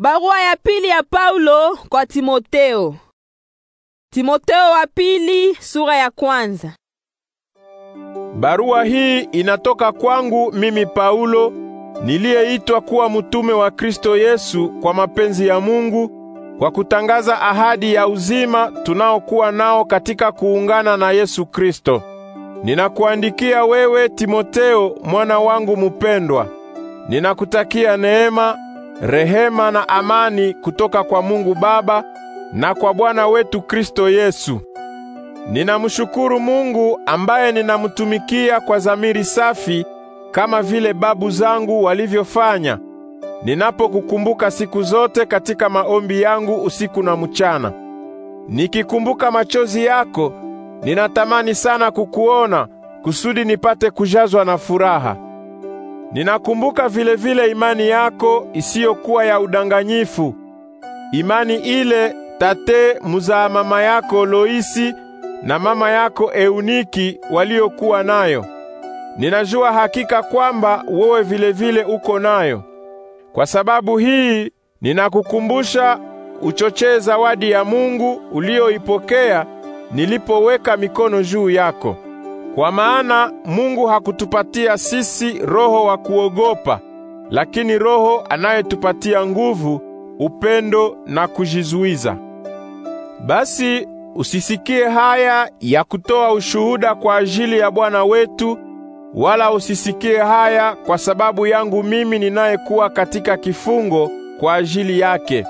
Barua ya pili ya Paulo kwa Timoteo. Timoteo wa pili sura ya kwanza. Barua hii inatoka kwangu mimi Paulo niliyeitwa kuwa mtume wa Kristo Yesu kwa mapenzi ya Mungu kwa kutangaza ahadi ya uzima tunaokuwa nao katika kuungana na Yesu Kristo. Ninakuandikia wewe Timoteo mwana wangu mupendwa. Ninakutakia neema Rehema na amani kutoka kwa Mungu Baba na kwa Bwana wetu Kristo Yesu. Ninamshukuru Mungu ambaye ninamtumikia kwa zamiri safi kama vile babu zangu walivyofanya, ninapokukumbuka siku zote katika maombi yangu usiku na mchana. Nikikumbuka machozi yako, ninatamani sana kukuona kusudi nipate kujazwa na furaha. Ninakumbuka vilevile vile imani yako isiyokuwa ya udanganyifu, imani ile tate muzaa mama yako Loisi na mama yako Euniki waliokuwa nayo. Ninajua hakika kwamba wewe vilevile vile uko nayo. Kwa sababu hii ninakukumbusha uchochee zawadi ya Mungu uliyoipokea nilipoweka mikono juu yako. Kwa maana Mungu hakutupatia sisi roho wa kuogopa, lakini roho anayetupatia nguvu, upendo na kujizuiza. Basi usisikie haya ya kutoa ushuhuda kwa ajili ya Bwana wetu, wala usisikie haya kwa sababu yangu mimi ninayekuwa katika kifungo kwa ajili yake.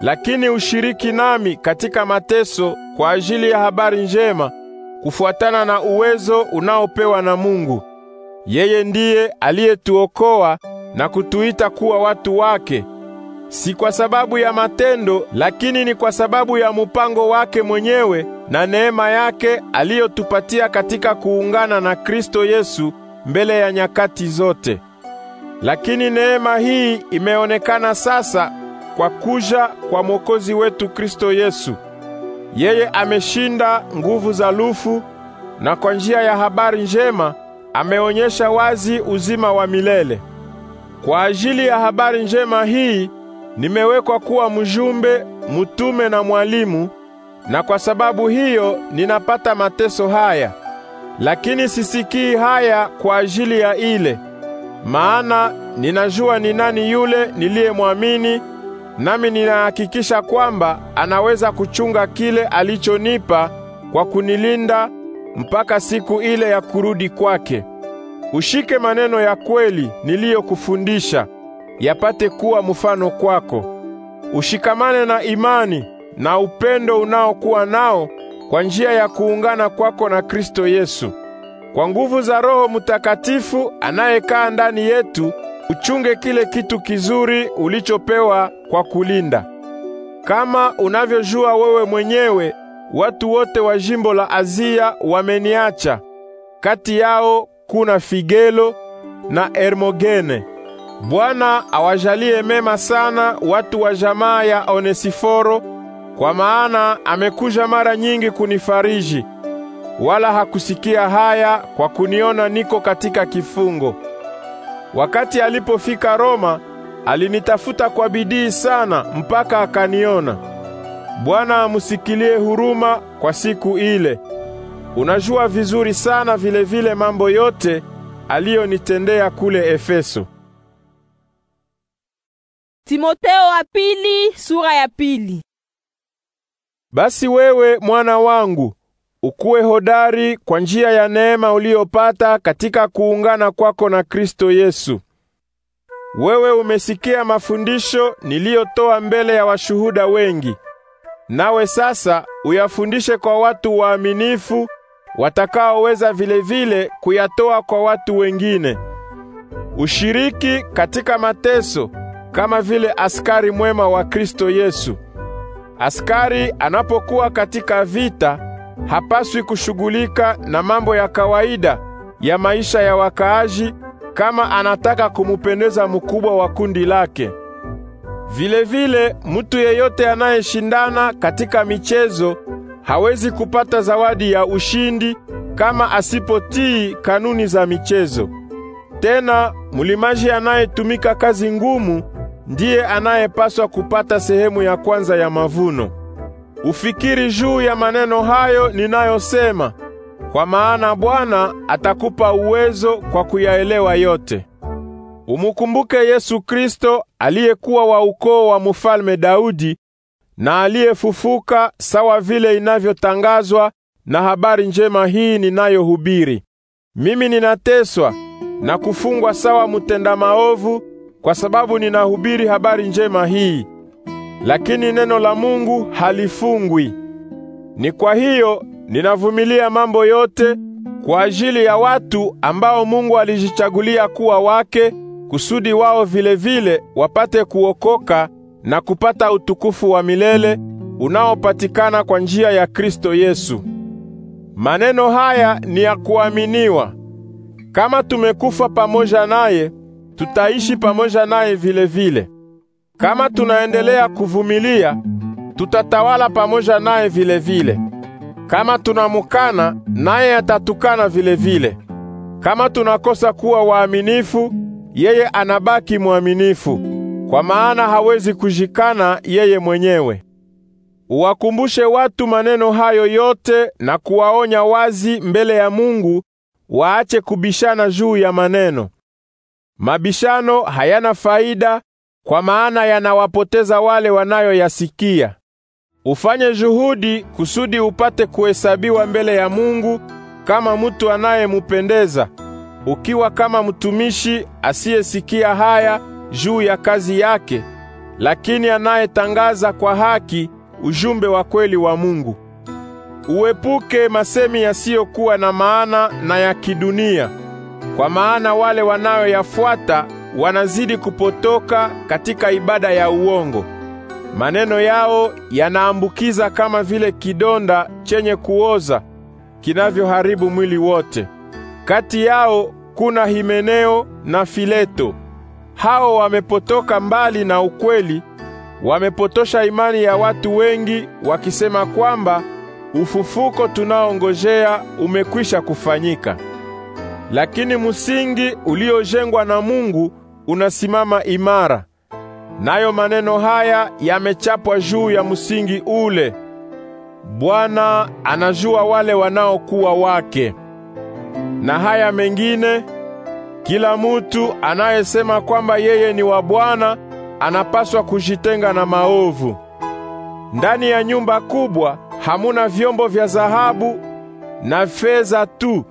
Lakini ushiriki nami katika mateso kwa ajili ya habari njema kufuatana na uwezo unaopewa na Mungu. Yeye ndiye aliyetuokoa na kutuita kuwa watu wake, si kwa sababu ya matendo, lakini ni kwa sababu ya mupango wake mwenyewe na neema yake aliyotupatia katika kuungana na Kristo Yesu mbele ya nyakati zote. Lakini neema hii imeonekana sasa kwa kuja kwa Mwokozi wetu Kristo Yesu yeye ameshinda nguvu za lufu na kwa njia ya habari njema ameonyesha wazi uzima wa milele. Kwa ajili ya habari njema hii nimewekwa kuwa mjumbe, mtume na mwalimu, na kwa sababu hiyo ninapata mateso haya, lakini sisikii haya kwa ajili ya ile, maana ninajua ni nani yule niliyemwamini nami ninahakikisha kwamba anaweza kuchunga kile alichonipa kwa kunilinda mpaka siku ile ya kurudi kwake. Ushike maneno ya kweli niliyokufundisha, yapate kuwa mfano kwako. Ushikamane na imani na upendo unaokuwa nao kwa njia ya kuungana kwako na Kristo Yesu. Kwa nguvu za Roho Mutakatifu anayekaa ndani yetu Uchunge kile kitu kizuri ulichopewa kwa kulinda. Kama unavyojua wewe mwenyewe, watu wote wa jimbo la Azia wameniacha. Kati yao kuna Figelo na Hermogene. Bwana awajalie mema sana watu wa jamaa ya Onesiforo, kwa maana amekuja mara nyingi kunifariji, wala hakusikia haya kwa kuniona niko katika kifungo. Wakati alipofika Roma, alinitafuta kwa bidii sana mpaka akaniona. Bwana amusikilie huruma kwa siku ile. Unajua vizuri sana vile vile mambo yote aliyonitendea kule Efeso. Timoteo wa pili, sura ya pili. Basi wewe mwana wangu ukuwe hodari kwa njia ya neema uliyopata katika kuungana kwako na Kristo Yesu. Wewe umesikia mafundisho niliyotoa mbele ya washuhuda wengi. Nawe sasa uyafundishe kwa watu waaminifu watakaoweza vilevile kuyatoa kwa watu wengine. Ushiriki katika mateso kama vile askari mwema wa Kristo Yesu. Askari anapokuwa katika vita hapaswi kushughulika na mambo ya kawaida ya maisha ya wakaaji kama anataka kumupendeza mkubwa wa kundi lake. Vilevile, mtu yeyote anayeshindana katika michezo hawezi kupata zawadi ya ushindi kama asipotii kanuni za michezo. Tena mlimaji anayetumika kazi ngumu ndiye anayepaswa kupata sehemu ya kwanza ya mavuno ufikiri juu ya maneno hayo ninayosema, kwa maana Bwana atakupa uwezo kwa kuyaelewa yote. Umukumbuke Yesu Kristo aliyekuwa wa ukoo wa mfalme Daudi na aliyefufuka sawa vile inavyotangazwa na habari njema hii ninayohubiri. Mimi ninateswa na kufungwa sawa mtenda maovu kwa sababu ninahubiri habari njema hii lakini neno la Mungu halifungwi. Ni kwa hiyo ninavumilia mambo yote kwa ajili ya watu ambao Mungu alijichagulia kuwa wake, kusudi wao vile vile wapate kuokoka na kupata utukufu wa milele unaopatikana kwa njia ya Kristo Yesu. Maneno haya ni ya kuaminiwa. Kama tumekufa pamoja naye, tutaishi pamoja naye vile vile. Kama tunaendelea kuvumilia, tutatawala pamoja naye vile vile. Kama tunamukana, naye atatukana vile vile. Kama tunakosa kuwa waaminifu, yeye anabaki mwaminifu, kwa maana hawezi kujikana yeye mwenyewe. Uwakumbushe watu maneno hayo yote na kuwaonya wazi mbele ya Mungu waache kubishana juu ya maneno. Mabishano hayana faida kwa maana yanawapoteza wale wanayoyasikia. Ufanye juhudi kusudi upate kuhesabiwa mbele ya Mungu kama mtu anayemupendeza, ukiwa kama mtumishi asiyesikia haya juu ya kazi yake, lakini anayetangaza kwa haki ujumbe wa kweli wa Mungu. Uepuke masemi yasiyokuwa na maana na ya kidunia, kwa maana wale wanayoyafuata wanazidi kupotoka katika ibada ya uongo. Maneno yao yanaambukiza kama vile kidonda chenye kuoza kinavyoharibu mwili wote. Kati yao kuna Himeneo na Fileto. Hao wamepotoka mbali na ukweli, wamepotosha imani ya watu wengi wakisema kwamba ufufuko tunaongojea umekwisha kufanyika. Lakini msingi uliojengwa na Mungu unasimama imara, nayo maneno haya yamechapwa juu ya msingi ule: Bwana anajua wale wanaokuwa wake. Na haya mengine, kila mutu anayesema kwamba yeye ni wa Bwana anapaswa kujitenga na maovu. Ndani ya nyumba kubwa hamuna vyombo vya dhahabu na fedha tu,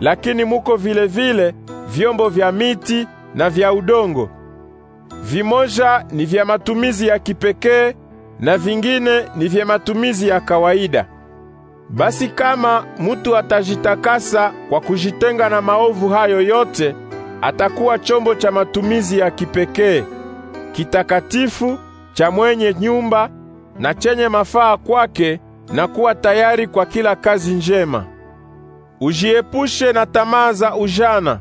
lakini muko vile vile vyombo vya miti na vya udongo. Vimoja ni vya matumizi ya kipekee na vingine ni vya matumizi ya kawaida. Basi kama mutu atajitakasa kwa kujitenga na maovu hayo yote, atakuwa chombo cha matumizi ya kipekee, kitakatifu cha mwenye nyumba na chenye mafaa kwake na kuwa tayari kwa kila kazi njema. Ujiepushe na tamaa za ujana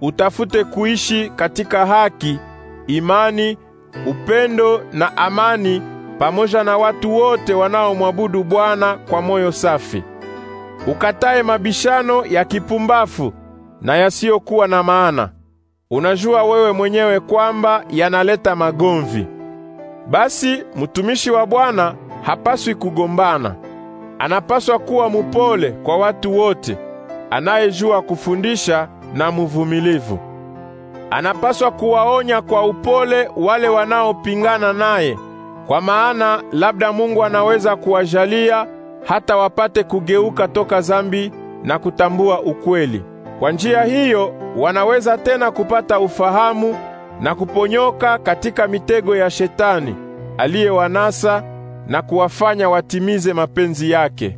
utafute kuishi katika haki, imani, upendo na amani pamoja na watu wote wanaomwabudu Bwana kwa moyo safi. Ukatae mabishano ya kipumbafu na yasiyokuwa na maana. Unajua wewe mwenyewe kwamba yanaleta magomvi. Basi mtumishi wa Bwana hapaswi kugombana. Anapaswa kuwa mupole kwa watu wote, anayejua kufundisha na mvumilivu. Anapaswa kuwaonya kwa upole wale wanaopingana naye, kwa maana labda Mungu anaweza kuwajalia hata wapate kugeuka toka zambi na kutambua ukweli. Kwa njia hiyo wanaweza tena kupata ufahamu na kuponyoka katika mitego ya Shetani aliyewanasa na kuwafanya watimize mapenzi yake.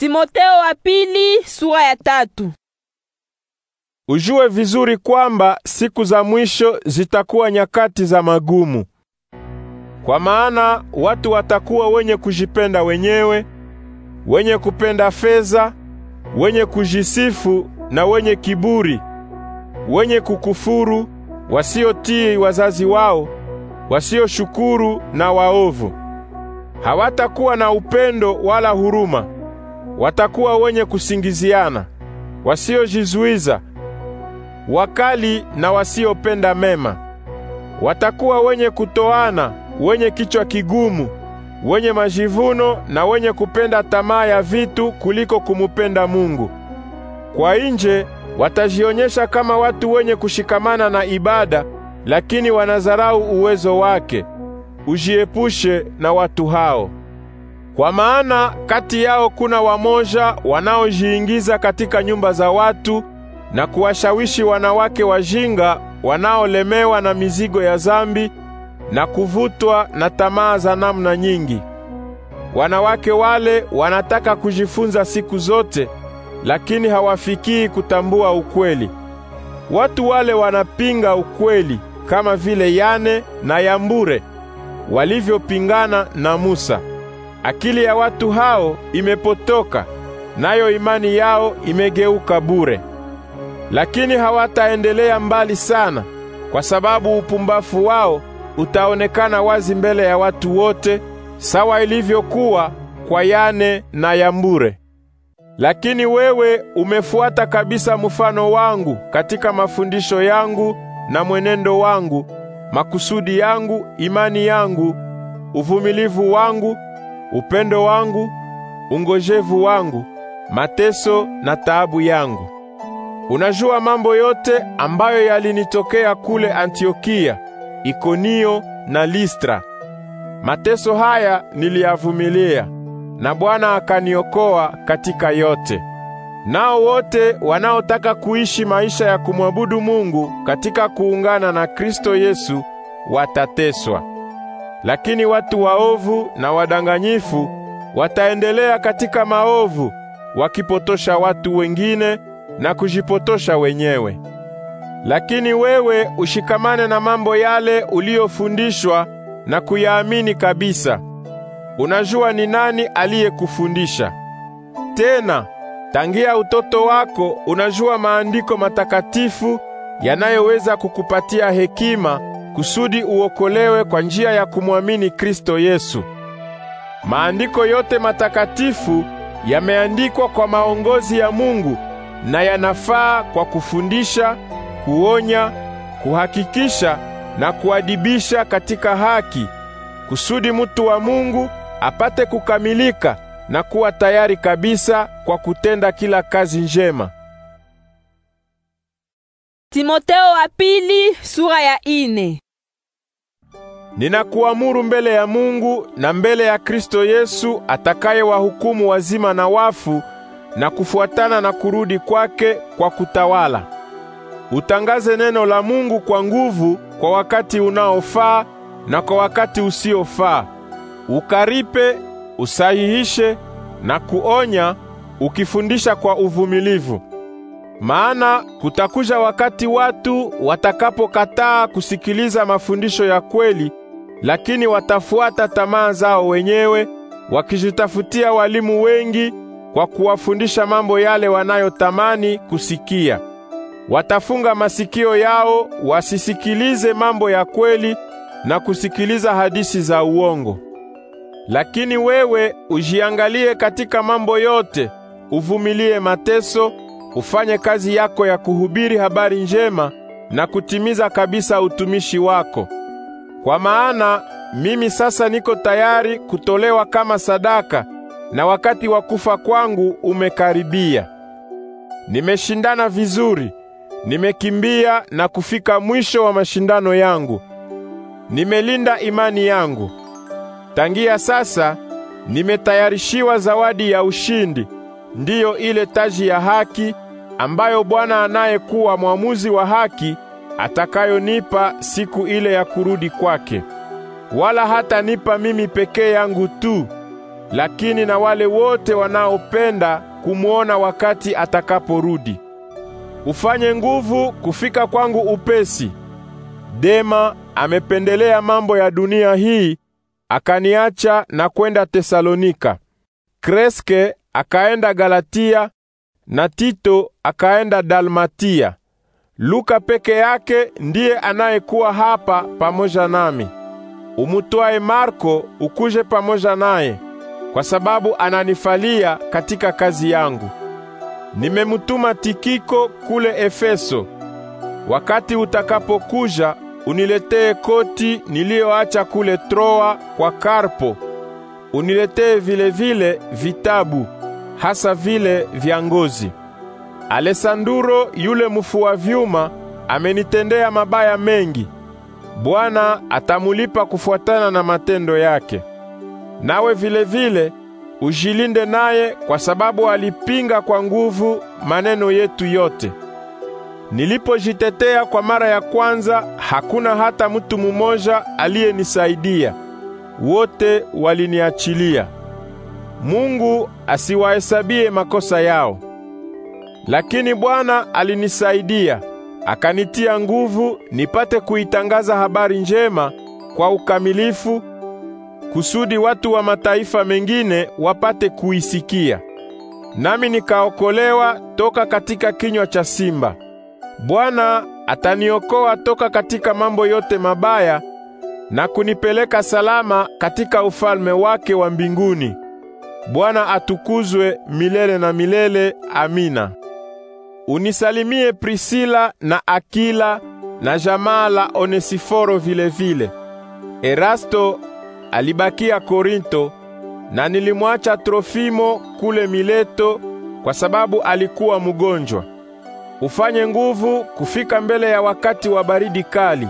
Timoteo wa pili, sura ya tatu. Ujue vizuri kwamba siku za mwisho zitakuwa nyakati za magumu. Kwa maana watu watakuwa wenye kujipenda wenyewe, wenye kupenda fedha, wenye kujisifu na wenye kiburi, wenye kukufuru, wasiotii wazazi wao, wasioshukuru na waovu. Hawatakuwa na upendo wala huruma watakuwa wenye kusingiziana, wasiojizuiza, wakali na wasiopenda mema. Watakuwa wenye kutoana, wenye kichwa kigumu, wenye majivuno na wenye kupenda tamaa ya vitu kuliko kumupenda Mungu. Kwa nje watajionyesha kama watu wenye kushikamana na ibada, lakini wanadharau uwezo wake. Ujiepushe na watu hao. Kwa maana kati yao kuna wamoja wanaojiingiza katika nyumba za watu na kuwashawishi wanawake wajinga wanaolemewa na mizigo ya zambi na kuvutwa na tamaa za namna nyingi. Wanawake wale wanataka kujifunza siku zote, lakini hawafikii kutambua ukweli. Watu wale wanapinga ukweli kama vile Yane na Yambure walivyopingana na Musa. Akili ya watu hao imepotoka, nayo imani yao imegeuka bure. Lakini hawataendelea mbali sana, kwa sababu upumbavu wao utaonekana wazi mbele ya watu wote, sawa ilivyokuwa kwa Yane na Yambure. Lakini wewe umefuata kabisa mfano wangu katika mafundisho yangu na mwenendo wangu, makusudi yangu, imani yangu, uvumilivu wangu upendo wangu, ungojevu wangu, mateso na taabu yangu. Unajua mambo yote ambayo yalinitokea kule Antiokia, Ikonio na Listra. Mateso haya niliyavumilia na Bwana akaniokoa katika yote. Nao wote wanaotaka kuishi maisha ya kumwabudu Mungu katika kuungana na Kristo Yesu watateswa. Lakini watu waovu na wadanganyifu wataendelea katika maovu, wakipotosha watu wengine na kujipotosha wenyewe. Lakini wewe ushikamane na mambo yale uliyofundishwa na kuyaamini kabisa. Unajua ni nani aliyekufundisha. Tena tangia utoto wako unajua maandiko matakatifu yanayoweza kukupatia hekima kusudi uokolewe kwa njia ya kumwamini Kristo Yesu. Maandiko yote matakatifu yameandikwa kwa maongozi ya Mungu na yanafaa kwa kufundisha, kuonya, kuhakikisha na kuadibisha katika haki, kusudi mtu wa Mungu apate kukamilika na kuwa tayari kabisa kwa kutenda kila kazi njema. Timoteo wa pili, sura ya ine. Ninakuamuru mbele ya Mungu na mbele ya Kristo Yesu atakayewahukumu wazima na wafu na kufuatana na kurudi kwake kwa kutawala. Utangaze neno la Mungu kwa nguvu kwa wakati unaofaa na kwa wakati usiofaa. Ukaripe, usahihishe na kuonya ukifundisha kwa uvumilivu. Maana kutakuja wakati watu watakapokataa kusikiliza mafundisho ya kweli, lakini watafuata tamaa zao wenyewe, wakijitafutia walimu wengi kwa kuwafundisha mambo yale wanayotamani kusikia. Watafunga masikio yao wasisikilize mambo ya kweli na kusikiliza hadisi za uongo. Lakini wewe ujiangalie katika mambo yote, uvumilie mateso ufanye kazi yako ya kuhubiri habari njema na kutimiza kabisa utumishi wako. Kwa maana mimi sasa niko tayari kutolewa kama sadaka na wakati wa kufa kwangu umekaribia. Nimeshindana vizuri, nimekimbia na kufika mwisho wa mashindano yangu. Nimelinda imani yangu. Tangia sasa nimetayarishiwa zawadi ya ushindi, ndiyo ile taji ya haki ambayo Bwana anayekuwa mwamuzi wa haki atakayonipa siku ile ya kurudi kwake. Wala hatanipa mimi pekee yangu tu, lakini na wale wote wanaopenda kumwona wakati atakaporudi. Ufanye nguvu kufika kwangu upesi. Dema amependelea mambo ya dunia hii akaniacha na kwenda Tesalonika. Kreske akaenda Galatia na Tito akaenda Dalmatia. Luka peke yake ndiye anayekuwa hapa pamoja nami. Umutwae Marko ukuje pamoja naye, kwa sababu ananifalia katika kazi yangu. Nimemutuma Tikiko kule Efeso. Wakati utakapokuja uniletee koti niliyoacha kule Troa kwa Karpo. Uniletee vile vile vitabu hasa vile vya ngozi. Alesanduro yule wa vyuma amenitendea mabaya mengi. Bwana atamulipa kufuatana na matendo yake. Nawe vile vile ujilinde naye kwa sababu alipinga kwa nguvu maneno yetu yote. Nilipojitetea kwa mara ya kwanza, hakuna hata mtu mmoja aliyenisaidia. Wote waliniachilia. Mungu asiwahesabie makosa yao. Lakini Bwana alinisaidia, akanitia nguvu nipate kuitangaza habari njema kwa ukamilifu kusudi watu wa mataifa mengine wapate kuisikia. Nami nikaokolewa toka katika kinywa cha simba. Bwana ataniokoa toka katika mambo yote mabaya na kunipeleka salama katika ufalme wake wa mbinguni. Bwana atukuzwe milele na milele. Amina. Unisalimie Prisila na Akila na jamaa la Onesiforo vilevile. Erasto alibakia Korinto na nilimwacha Trofimo kule Mileto kwa sababu alikuwa mgonjwa. Ufanye nguvu kufika mbele ya wakati wa baridi kali.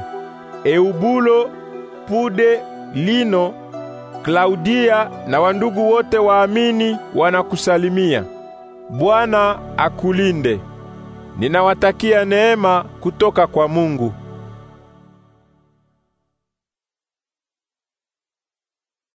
Eubulo, Pude, Lino Klaudia na wandugu wote waamini wanakusalimia. Bwana akulinde. Ninawatakia neema kutoka kwa Mungu.